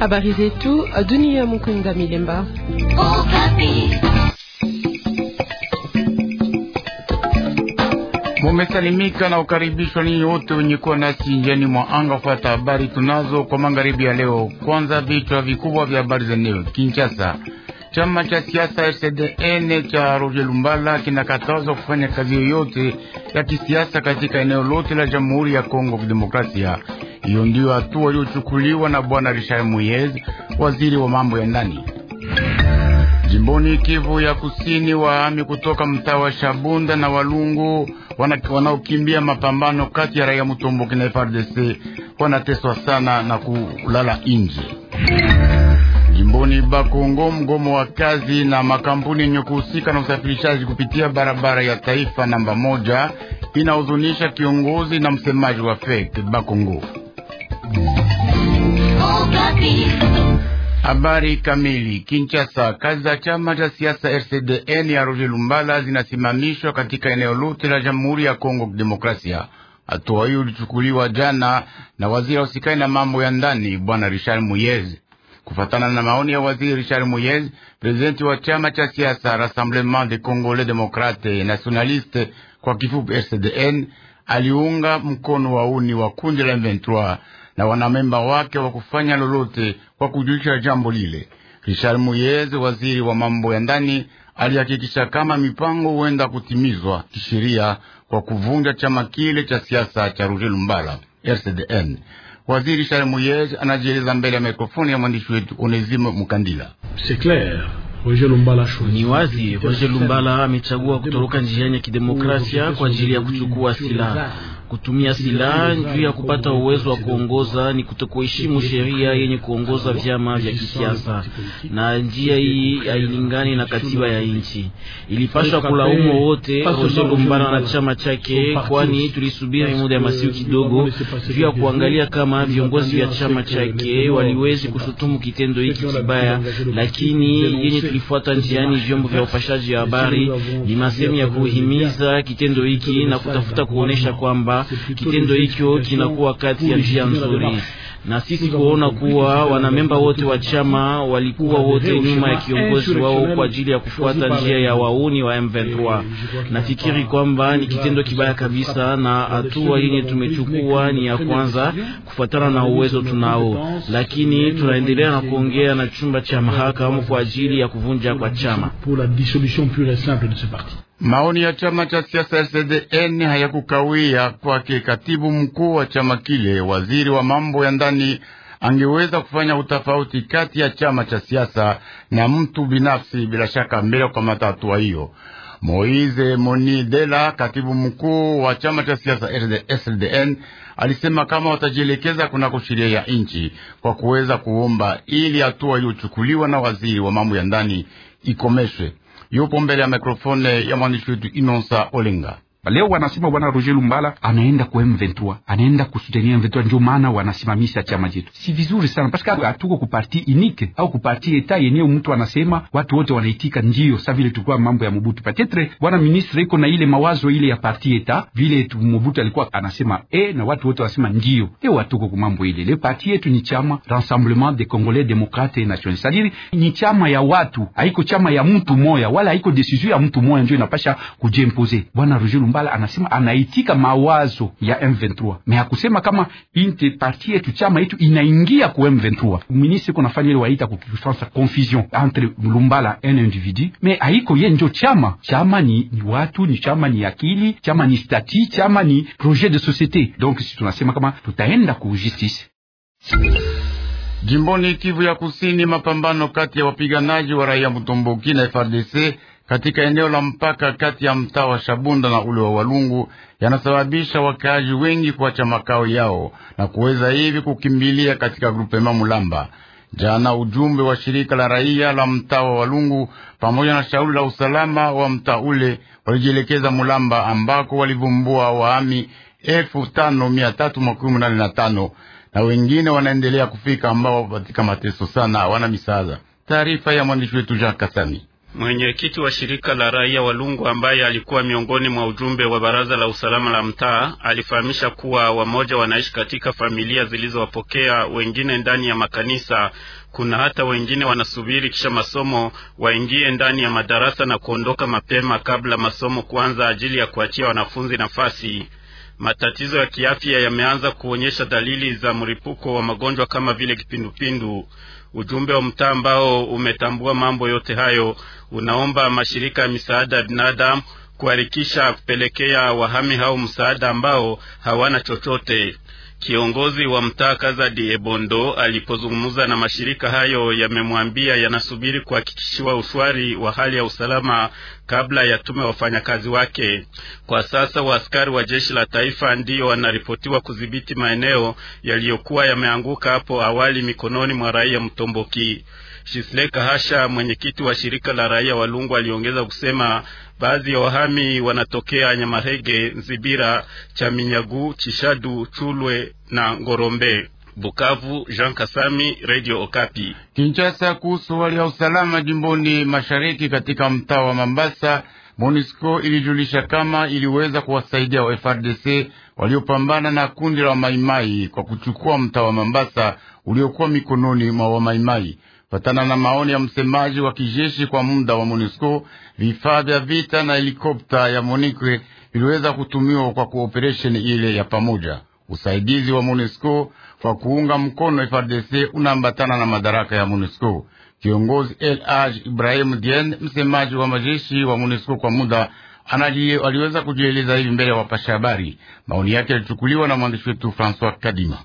Habari zetu uh, dunia. Mukunda Milemba. Mumesalimika na ukaribishwa ninyi wote wenye kuwa nasi njiani mwa anga kufuata habari tunazo kwa magharibi ya leo. Kwanza vichwa vikubwa vya habari za leo. Kinshasa Chama cha siasa RCDN cha Roger Lumbala kinakatazwa kufanya kazi yoyote ya kisiasa katika eneo lote la Jamhuri ya Kongo Kidemokrasia. Hiyo ndiyo hatua iliyochukuliwa na bwana Richard Muyez, waziri wa mambo ya ndani. Jimboni Kivu ya Kusini, wahami kutoka mtaa wa Shabunda na Walungu wanaokimbia mapambano kati ya raia Mutomboki na FARDC wanateswa sana na kulala nje jimboni Bakongo, mgomo wa kazi na makampuni yenye kuhusika na usafirishaji kupitia barabara ya taifa namba moja inahuzunisha kiongozi na msemaji wa FEC Bakongo. Habari kamili. Kinshasa, kazi za chama cha siasa RCDN ya Roger Lumbala zinasimamishwa katika eneo lote la Jamhuri ya Kongo Demokrasia. Hatua hiyo ilichukuliwa jana na waziri wa usikani na mambo ya ndani Bwana Richard Muyeze. Kufatana na maoni ya waziri Richard Muyej, prezidenti wa chama cha siasa Rassemblement des Congolais Democrates Nationalistes, kwa kifupi RCDN, aliunga mkono wa uni wa kundi la M23 na wanamemba wake wa kufanya lolote kwa kujulisha jambo lile. Richard Muyez, waziri wa mambo ya ndani, alihakikisha kama mipango huenda kutimizwa kisheria kwa kuvunja chama kile cha siasa cha Roger Lumbala RCDN. Waziri Charles Muyej anajieleza mbele ya mikrofoni ya mwandishi wetu Onesime Mukandila. C'est clair. Ni wazi Roger Lumbala amechagua kutoroka njiani ya kidemokrasia kwa ajili ya kuchukua silaha. Kutumia silaha juu ya kupata uwezo wa kuongoza ni kutokuheshimu sheria yenye kuongoza vyama vya kisiasa, na njia hii hailingani na katiba ya nchi. ilipashwa kulaumu wote Roger Lumbana na chama chake, kwani tulisubiri muda ya masiku kidogo juu ya kuangalia kama viongozi vya chama chake waliwezi kushutumu kitendo hiki kibaya, lakini yenye tulifuata njiani vyombo vya upashaji habari ni masemi ya kuhimiza kitendo hiki na kutafuta kuonesha kwamba kitendo hicho kinakuwa kati ya njia nzuri na sisi kuona kuwa wanamemba wote wa chama walikuwa wote nyuma ya kiongozi wao kwa ajili ya kufuata njia ya wauni wa M23. Nafikiri kwamba ni kitendo kibaya kabisa, na hatua yenye tumechukua ni ya kwanza kufuatana na uwezo tunao, lakini tunaendelea na kuongea na chumba cha mahakama kwa ajili ya kuvunja kwa chama. Maoni ya chama cha siasa CDN hayakukawia kwake katibu mkuu wa chama kile. Waziri wa mambo ya ndani angeweza kufanya utofauti kati ya chama cha siasa na mtu binafsi, bila shaka mbele kwa matatua hiyo. Moise Moni Dela, katibu mkuu wa chama cha siasa SDN, alisema kama watajielekeza kunako sheria ya nchi kwa kuweza kuomba ili hatua iliyochukuliwa na waziri wa mambo ya ndani ikomeshwe yupo mbele ya mikrofone ya mwandishi wetu Inonsa Olenga. Leo wanasema bwana Roger Lumbala anaenda ku M23, anaenda kusutenia M23, ndio maana wanasimamisha chama chetu. Si vizuri sana paske hatuko ku parti unique au ku parti eta yenyewe mtu anasema watu wote wanaitika, ndio sa vile tulikuwa mambo ya Mobutu. Patetre bwana ministre iko na ile mawazo ile ya parti eta vile tu Mobutu alikuwa anasema e, na watu wote wanasema ndio. Leo hatuko ku mambo ile. Le parti yetu ni chama Rassemblement des Congolais Democrates et Nationalistes, sadiri ni chama ya watu, haiko chama ya mtu moya, wala haiko decision ya mtu moya, ndio inapasha kujempose bwana Roger Kambala anasema anaitika mawazo ya M23, me akusema kama inte parti yetu chama yetu inaingia ku M23. Ministre kunafanya ile waita ku Kifaransa confusion entre Lumbala un individu, me aiko ye njo chama. Chama ni, ni watu ni chama ni akili, chama ni stati, chama ni projet de société Donc si tunasema kama tutaenda ku justice Jimboni Kivu ya Kusini, mapambano kati ya wapiganaji wa raia Mutomboki na FRDC katika eneo la mpaka kati ya mtaa wa Shabunda na ule wa Walungu yanasababisha wakaaji wengi kuacha makao yao na kuweza hivi kukimbilia katika grupema Mulamba. Jana ujumbe wa shirika la raia la mtaa wa Walungu pamoja na shauri la usalama wa mtaa ule walijielekeza Mulamba ambako walivumbua wahami elfu tano mia tatu makumi nane na tano na wengine wanaendelea kufika ambao katika mateso sana wana misaada. Taarifa ya mwandishi wetu Jean Kasami. Mwenyekiti wa shirika la raia wa Lungu ambaye alikuwa miongoni mwa ujumbe wa baraza la usalama la mtaa alifahamisha kuwa wamoja wanaishi katika familia zilizowapokea, wengine ndani ya makanisa. Kuna hata wengine wanasubiri kisha masomo waingie ndani ya madarasa na kuondoka mapema kabla masomo kuanza, ajili ya kuachia wanafunzi nafasi. Matatizo ya kiafya yameanza kuonyesha dalili za mlipuko wa magonjwa kama vile kipindupindu. Ujumbe wa mtaa ambao umetambua mambo yote hayo unaomba mashirika ya misaada ya binadamu kuharikisha kupelekea wahami hao msaada ambao hawana chochote. Kiongozi wa mtaa Kazadi Ebondo alipozungumza na mashirika hayo yamemwambia yanasubiri kuhakikishiwa ushwari wa hali ya usalama kabla ya tume wafanyakazi wake. Kwa sasa waaskari wa jeshi la taifa ndiyo wanaripotiwa kudhibiti maeneo yaliyokuwa yameanguka hapo awali mikononi mwa raia mtomboki. Shisleka Hasha, mwenyekiti wa shirika la raia Walungu, aliongeza kusema Baadhi ya wahami wanatokea Nyamarege, Nzibira, Chaminyagu, Chishadu, Chulwe na Ngorombe. Bukavu, Jean Kasami, Radio Okapi. Kinshasa, kuhusu hali ya usalama jimboni mashariki katika mtaa wa Mambasa, MONUSCO ilijulisha kama iliweza kuwasaidia wa FRDC waliopambana na kundi la Wamaimai kwa kuchukua mtaa wa Mambasa uliokuwa mikononi mwa Wamaimai. Patana na maoni ya msemaji wa kijeshi kwa muda wa MONUSCO, vifaa vya vita na helikopta ya MONUSCO viliweza kutumiwa kwa kooperesheni ile ya pamoja. Usaidizi wa MONUSCO kwa kuunga mkono FARDC unaambatana na madaraka ya MONUSCO. Kiongozi El Ibrahim Dien, msemaji wa majeshi wa MONUSCO kwa muda Anajie, aliweza kujieleza hivi mbele ya wapasha habari. Maoni yake yalichukuliwa na mwandishi wetu Francois Kadima.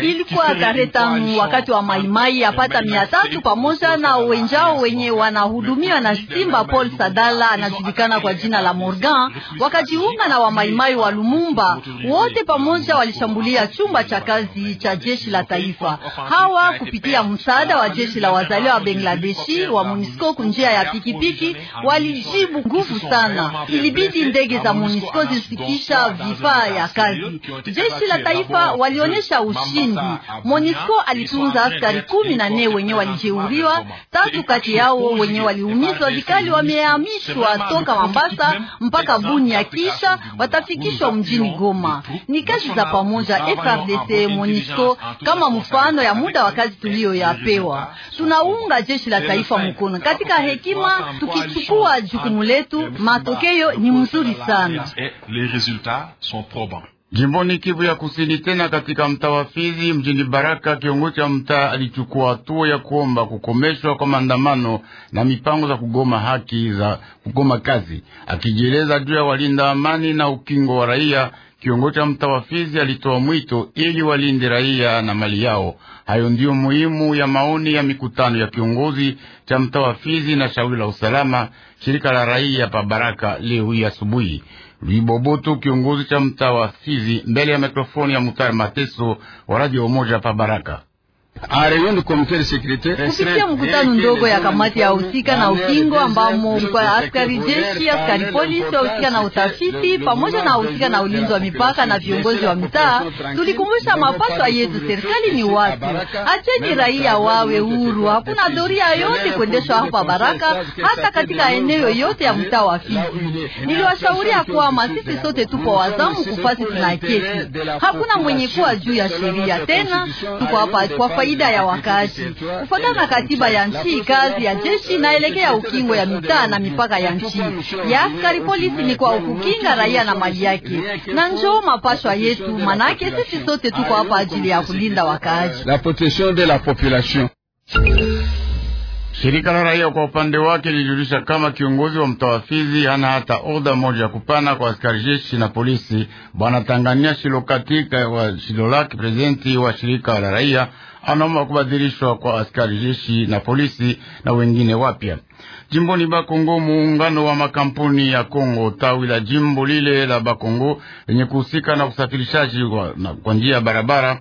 Ilikuwa tarehe tano wakati wa maimai yapata mia tatu pamoja na wenjao wenye wanahudumiwa na Simba Paul Sadala anajulikana kwa jina la Morgan, wakajiunga na wamaimai wa Lumumba. Wote pamoja walishambulia chumba cha kazi cha jeshi la taifa. Hawa kupitia msaada wa jeshi la wazaliwa wa Bangladeshi wa MONUSCO kunjia ya pikipiki walijibu nguvu sana, ilibidi ndege za MONUSCO zisikisha vifaa ya kazi Jeshi la taifa walionyesha ushindi. Monisco alitunza askari kumi na nne wenye walijeuriwa, tatu kati yao wenye waliumizwa vikali wamehamishwa toka Mambasa mpaka Bunia, kisha watafikishwa mjini Goma. Ni kazi za pamoja FRDC Monisco kama mfano ya muda wa kazi tuliyoyapewa. Tunaunga jeshi la taifa mkono katika hekima, tukichukua jukumu letu, matokeo ni mzuri sana. Jimboni Kivu ya Kusini, tena katika mtaa wa Fizi mjini Baraka, kiongozi wa mtaa alichukua hatua ya kuomba kukomeshwa kwa maandamano na mipango za kugoma haki za kugoma kazi, akijieleza juu ya walinda amani na ukingo wa raia Kiongozi cha mtawafizi alitoa mwito ili walinde raia na mali yao. Hayo ndiyo muhimu ya maoni ya mikutano ya kiongozi cha mtawafizi na shauri la usalama shirika la raia pa Baraka leo hii asubuhi. Luibobotu, kiongozi cha mtawafizi, mbele ya mikrofoni ya Mutare Mateso wa Radio Umoja pa Baraka. Kupitia mkutano ndogo ya kamati ya husika na ukingo ambamo askari jeshi, askari polisi wahusika na utafiti pamoja na wahusika na ulinzi wa mipaka na viongozi wa mitaa, tulikumbusha mapaswa yetu. Serikali ni watu, acheni raia wawe huru. Hakuna doria yote kuendeshwa hapa Baraka, hata katika eneo yote ya mtaa wa Fizi. Niliwashauria kwamba sisi sote tupo wazamu kufasi tunaketi, hakuna mwenye kuwa juu ya sheria tena. Tuko hapa kwa kawaida ya wakazi. Kufuatana na katiba ya nchi, kazi ya jeshi inaelekea ukingo ya mitaa na mipaka ya nchi ya askari polisi ni kwa kukinga raia na mali yake, na njoo mapashwa yetu, manake sisi sote tuko hapa ajili ya kulinda wakazi. La protection de la population. Shirika la raia kwa upande wake lilijulisha kama kiongozi wa mtawafizi hana hata oda moja ya kupana kwa askari jeshi na polisi. Bwana Tangania katika wa Shilolaki, prezidenti wa shirika la raia, anaomba kubadilishwa kwa askari jeshi na polisi na wengine wapya jimboni Bakongo. Muungano wa makampuni ya Kongo tawi la jimbo lile la Bakongo lenye kuhusika na usafirishaji kwa njia ya barabara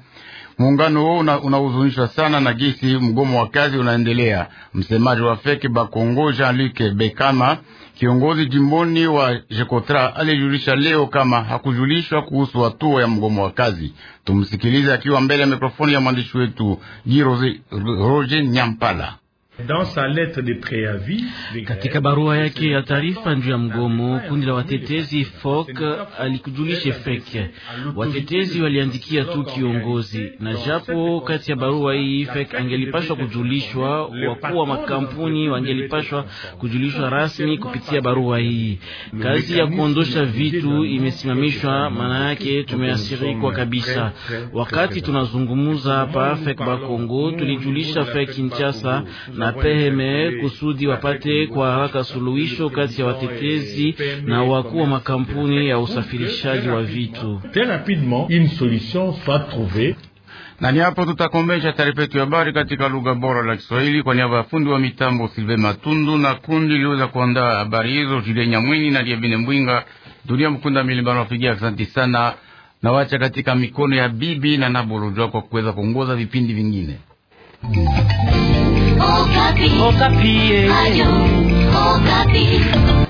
Muungano huo unahuzunishwa sana na gisi mgomo wa kazi unaendelea. Msemaji wa feki Bakongo Jean-Luc Bekama, kiongozi jimboni wa Jekotra, alijulisha leo kama hakujulishwa kuhusu hatua ya mgomo wa kazi. Tumsikilize akiwa mbele ya mikrofoni ya mwandishi wetu Jiroze Nyampala. Katika barua yake ya taarifa juu ya mgomo, kundi la watetezi FOK alikujulisha FEK, watetezi waliandikia tu kiongozi, na japo kati ya barua hii FEK angelipashwa kujulishwa, wakuu wa makampuni wangelipashwa kujulishwa rasmi kupitia barua hii. Kazi ya kuondosha vitu imesimamishwa, maana yake tumeasirikwa kabisa. Wakati tunazungumuza hapa FEK Bakongo, tulijulisha FEK Kinshasa na na Peheme kusudi wapate kwa haraka suluhisho kati ya watetezi na wakuu wa makampuni ya usafirishaji wa vitu na ni hapo tutakomesha taarifa yetu ya habari katika lugha bora la Kiswahili kwa niaba ya fundi wa mitambo Silve Matundu na kundi liweza kuandaa habari hizo, Julien Nyamwini na Diabine Mbwinga. Dunia Mkunda Milibano wapigia asante sana, na wacha katika mikono ya bibi na Nabolojwa kwa kuweza kuongoza vipindi vingine. Okapi. Okapi. Eh.